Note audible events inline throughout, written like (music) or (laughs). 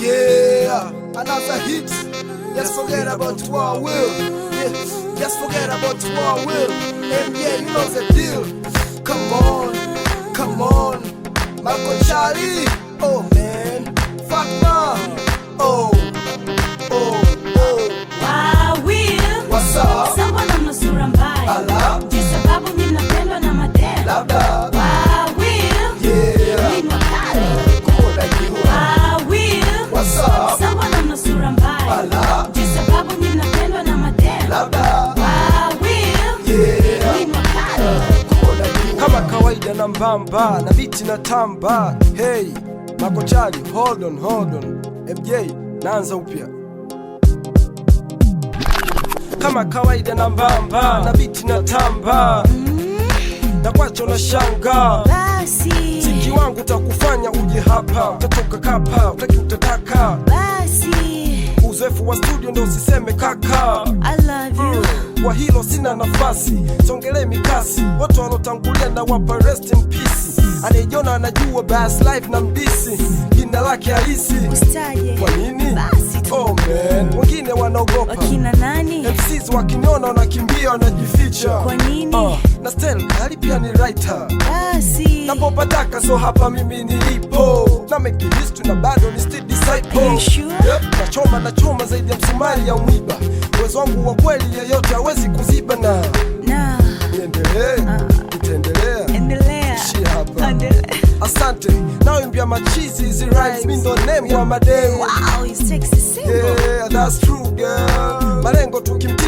Yeah, another hit. Just forget about what I will. Yeah, just forget about what I will. And yeah, you know the deal. Come on, come on, Marco Charlie. Oh man, fuck now. na mbamba na biti na tamba. Hey makochari, hold on, hold on. MJ naanza upya kama kawaida na mbamba na biti na tamba na kwacho na shanga basi ziki wangu takufanya uje hapa, utatoka kapa utaki utataka, basi uzoefu wa studio ndo usiseme kaka I love you. Mm kwa hilo sina nafasi, songelee mikasi, watu walotangulia na wapa rest in peace. Anayejona anajua bas life na mdisi, jina lake halisi. Kwa nini? Oh man, wengine wanaogopa nani? basi wakiniona wanakimbia wanajificha. Kwa nini? Uh, na Stel hali pia ni writer basi napopataka, so hapa mimi nilipo na make list na bado ni still disciple you sure? Yep, na choma na choma zaidi ya msumari ya mwiba, uwezo wangu wa kweli yeyote hawezi kuziba na na niendelee uh, nitaendelea endelea shi hapa endelea. Asante nawembia machizi hizi rhymes mi ndo name wa madem. Wow, he's sexy single. Yeah, that's true girl. Malengo tukimtia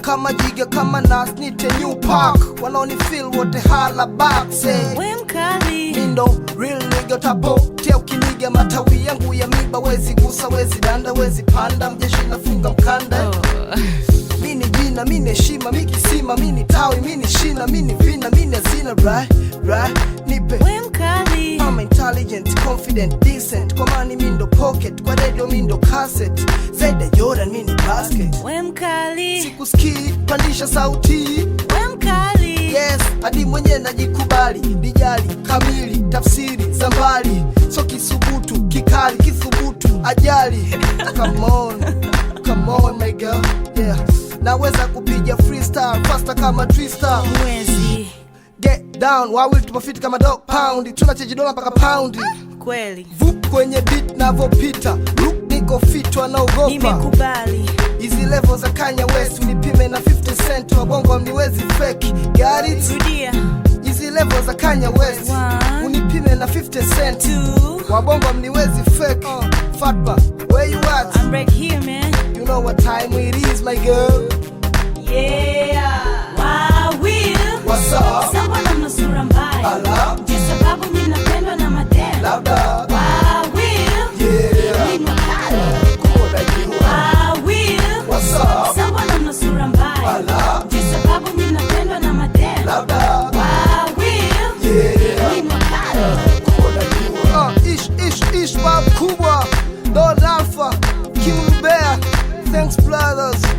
kama jiga kama nas nite new park wanaoni feel wote hala back say we mkali mindo real nigga tapo tia ukiniga matawi yangu ya miba wezi gusa wezi danda wezi panda mjeshi nafunga mkanda oh. (laughs) mini jina mini heshima mi kisima mini tawi mini shina mini vina mini hazina right right nipe we mkali I'm intelligent confident decent pocket kwa radio mindo cassette Zede Jordan mini basket We mkali Sikusikii pandisha sauti We mkali Yes hadi mwenye najikubali dijali kamili tafsiri za mbali so kisubutu kikali kithubutu ajali (laughs) Come on Come on my girl yeah naweza kupiga freestyle faster kama twister mwezi get down wawili tupofiti kama dog pound tuna cheji dola mpaka ah kweli. Vup kwenye beat navopita, look niko fit wanaogopa. Nimekubali. Hizi level za Kanye West unipime na 50 cent wa bongo mniwezi fake. Got it? Rudia. Hizi level za Kanye West unipime na 50 cent wa bongo mniwezi fake. Oh. Fatba, where you at? I'm right here, man. You know what time it is, my girl. Kuba, Lord Alpha, King Bear, Thanks Brothers.